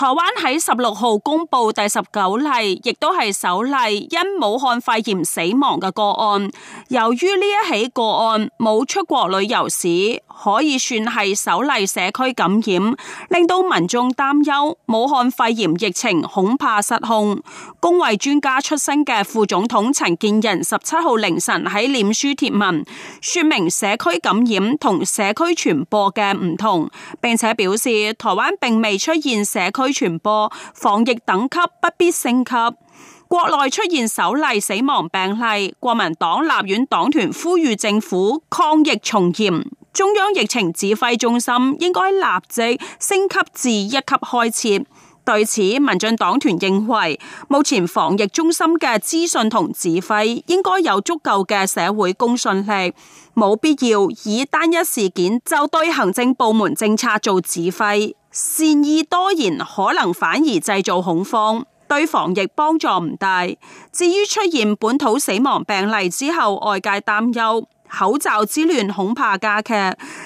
台灣喺十六號公布第十九例，亦都係首例因武漢肺炎死亡嘅個案。由於呢一起個案冇出國旅遊史，可以算係首例社區感染，令到民眾擔憂武漢肺炎疫情恐怕失控。公衛專家出身嘅副總統陳建仁十七號凌晨喺臉書貼文，說明社區感染同社區傳播嘅唔同，並且表示台灣並未出現社區傳播防疫等級不必升級，國內出現首例死亡病例，國民黨立院黨團呼籲政府抗疫從嚴，中央疫情指揮中心應該立即升級至一級開設。對此，民進黨團認為，目前防疫中心嘅資訊同指揮應該有足夠嘅社會公信力，冇必要以單一事件就對行政部門政策做指揮。善意多言可能反而製造恐慌，對防疫幫助唔大。至於出現本土死亡病例之後，外界擔憂口罩之亂恐怕加劇，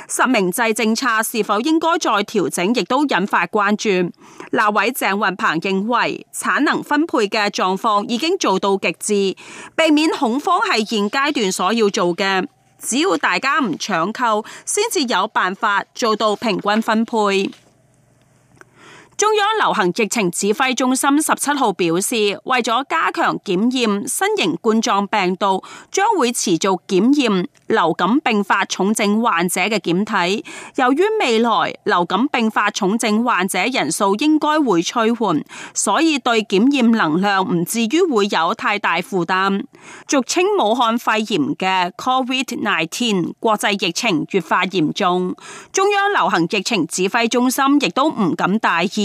實名制政策是否應該再調整，亦都引發關注。立委鄭運鵬認為產能分配嘅狀況已經做到極致，避免恐慌係現階段所要做嘅。只要大家唔搶購，先至有辦法做到平均分配。中央流行疫情指揮中心十七號表示，為咗加強檢驗，新型冠狀病毒將會持續檢驗流感併發重症患者嘅檢體。由於未來流感併發重症患者人數應該會趨緩，所以對檢驗能量唔至於會有太大負擔。俗稱武漢肺炎嘅 COVID-19 國際疫情越發嚴重，中央流行疫情指揮中心亦都唔敢大意。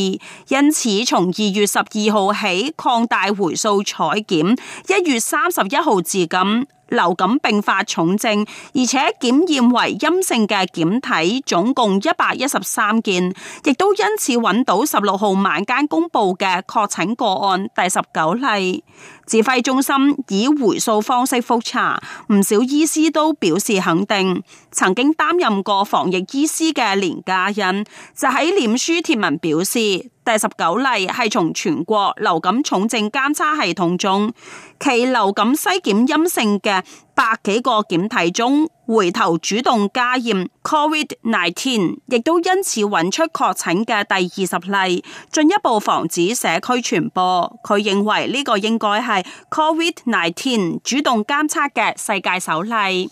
因此從，從二月十二號起擴大回溯採檢，一月三十一號至今，流感併發重症而且檢驗為陰性嘅檢體總共一百一十三件，亦都因此揾到十六號晚間公布嘅確診個案第十九例。指揮中心以回溯方式複查，唔少醫師都表示肯定。曾經擔任過防疫醫師嘅連加恩就喺臉書貼文表示，第十九例係從全國流感重症監測系統中其流感篩檢陰性嘅。百幾個檢體中，回頭主動加驗，COVID-19 亦都因此揾出確診嘅第二十例，進一步防止社區傳播。佢認為呢個應該係 COVID-19 主動監測嘅世界首例。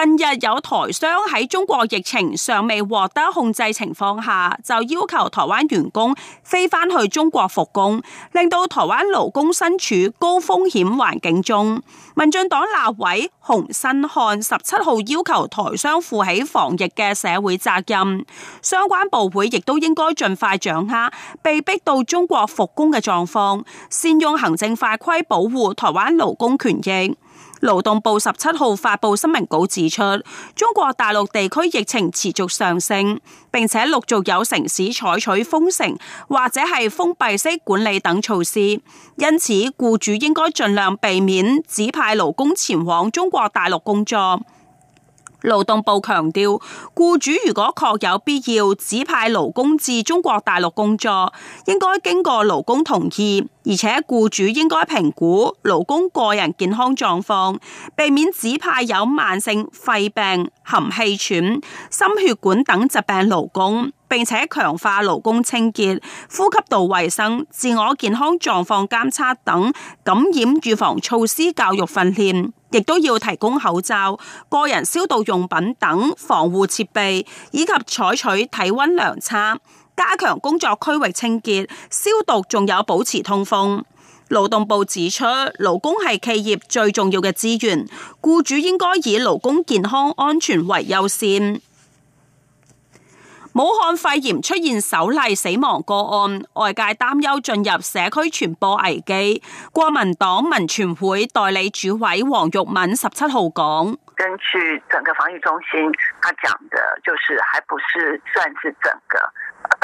近日有台商喺中國疫情尚未獲得控制情況下，就要求台灣員工飛翻去中國復工，令到台灣勞工身處高風險環境中。民進黨立委洪申翰十七號要求台商負起防疫嘅社會責任，相關部會亦都應該盡快掌握被逼到中國復工嘅狀況，善用行政法規保護台灣勞工權益。勞動部十七號發布新聞稿指出，中國大陸地區疫情持續上升，並且陸續有城市採取封城或者係封閉式管理等措施，因此雇主應該盡量避免指派勞工前往中國大陸工作。勞動部強調，雇主如果確有必要指派勞工至中國大陸工作，應該經過勞工同意，而且雇主應該評估勞工個人健康狀況，避免指派有慢性肺病、含氣喘、心血管等疾病勞工。並且強化勞工清潔、呼吸道衛生、自我健康狀況監測等感染預防措施教育訓練，亦都要提供口罩、個人消毒用品等防護設備，以及採取體溫量測、加強工作區域清潔、消毒，仲有保持通風。勞動部指出，勞工係企業最重要嘅資源，雇主應該以勞工健康安全為優先。武漢肺炎出現首例死亡個案，外界擔憂進入社區傳播危機。國民黨民權會代理主委黃玉敏十七號講：根據整個防疫中心，他講的，就是還不是算是整個。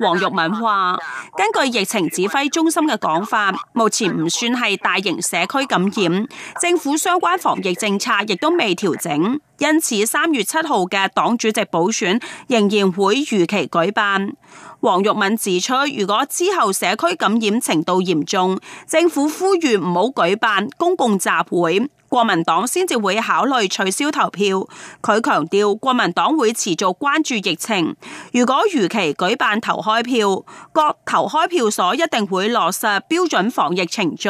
黃玉敏話，根據疫情指揮中心嘅講法，目前唔算係大型社區感染，政府相關防疫政策亦都未調整，因此三月七號嘅黨主席補選仍然會如期舉辦。黃玉敏指出，如果之後社區感染程度嚴重，政府呼籲唔好舉辦公共集會。國民黨先至會考慮取消投票。佢強調，國民黨會持續關注疫情。如果如期舉辦投開票，各投開票所一定會落實標準防疫程序，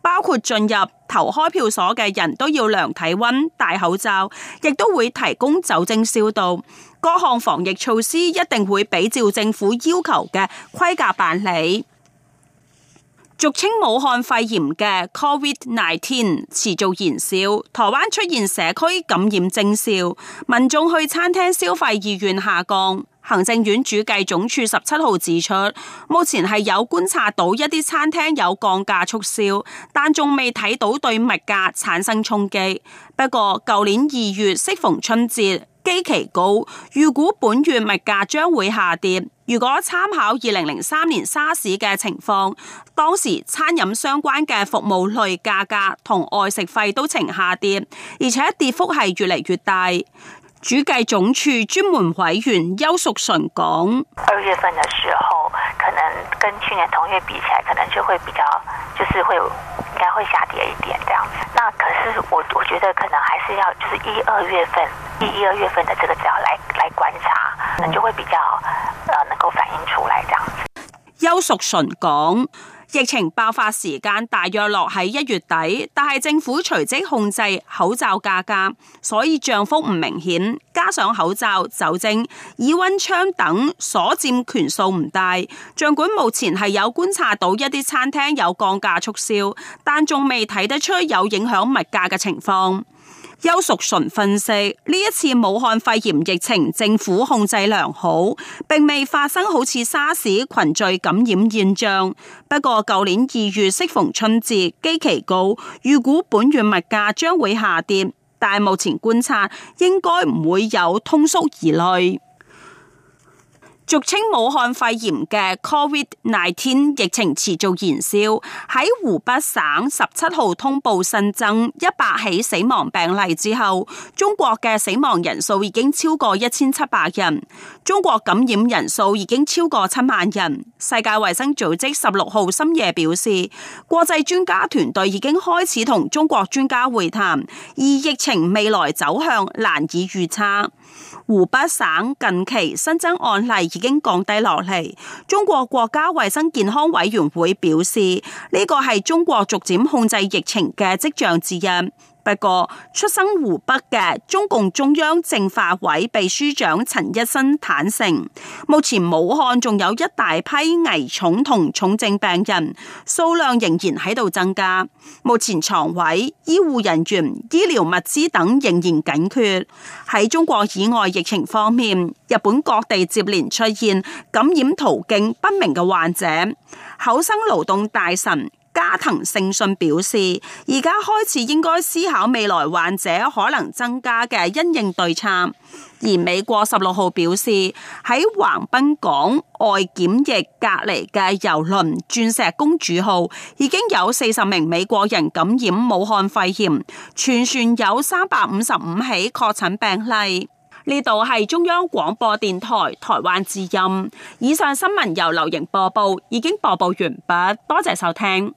包括進入投開票所嘅人都要量體溫、戴口罩，亦都會提供酒精消毒。各項防疫措施一定會比照政府要求嘅規格辦理。俗稱武漢肺炎嘅 Covid nineteen 持續延燒，台灣出現社區感染徵兆，民眾去餐廳消費意願下降。行政院主計總處十七號指出，目前係有觀察到一啲餐廳有降價促銷，但仲未睇到對物價產生衝擊。不過，舊年二月適逢春節，基期高，預估本月物價將會下跌。如果參考二零零三年沙士嘅情況，當時餐飲相關嘅服務類價格同外食費都呈下跌，而且跌幅係越嚟越大。主計總處專門委員邱淑純講：二月份嘅時候，可能跟去年同月比起來，可能就會比較，就是會應該會下跌一點，這樣子，那可是我我覺得可能還是要，就是一二月份，一二月份的這個只要來來觀察。就會比較能夠反映出嚟。邱淑純講，疫情爆發時間大約落喺一月底，但係政府隨即控制口罩價格，所以漲幅唔明顯。加上口罩、酒精、耳温槍等所占權數唔大，盡管目前係有觀察到一啲餐廳有降價促銷，但仲未睇得出有影響物價嘅情況。邱淑純分析，呢一次武漢肺炎疫情政府控制良好，並未發生好似沙士群聚感染現象。不過舊年二月適逢春節，基期高，預估本月物價將會下跌，但目前觀察應該唔會有通縮疑慮。俗稱武漢肺炎嘅 COVID-19 疫情持續延燒。喺湖北省十七號通報新增一百起死亡病例之後，中國嘅死亡人數已經超過一千七百人，中國感染人數已經超過七萬人。世界衛生組織十六號深夜表示，國際專家團隊已經開始同中國專家會談，而疫情未來走向難以預測。湖北省近期新增案例，已經降低落嚟。中國國家衛生健康委員會表示，呢個係中國逐漸控制疫情嘅跡象之一。不過，出生湖北嘅中共中央政法委秘書長陳一新坦承，目前武漢仲有一大批危重同重症病人，數量仍然喺度增加。目前床位、醫護人員、醫療物資等仍然緊缺。喺中國以外疫情方面，日本各地接連出現感染途徑不明嘅患者，厚生勞動大臣。加藤勝信表示，而家開始應該思考未來患者可能增加嘅因應對策。而美國十六號表示，喺橫濱港外檢疫隔離嘅郵輪鑽石公主號已經有四十名美國人感染武漢肺炎，全船有三百五十五起確診病例。呢度係中央廣播電台台灣之音。以上新聞由劉瑩播報，已經播報完畢。多謝收聽。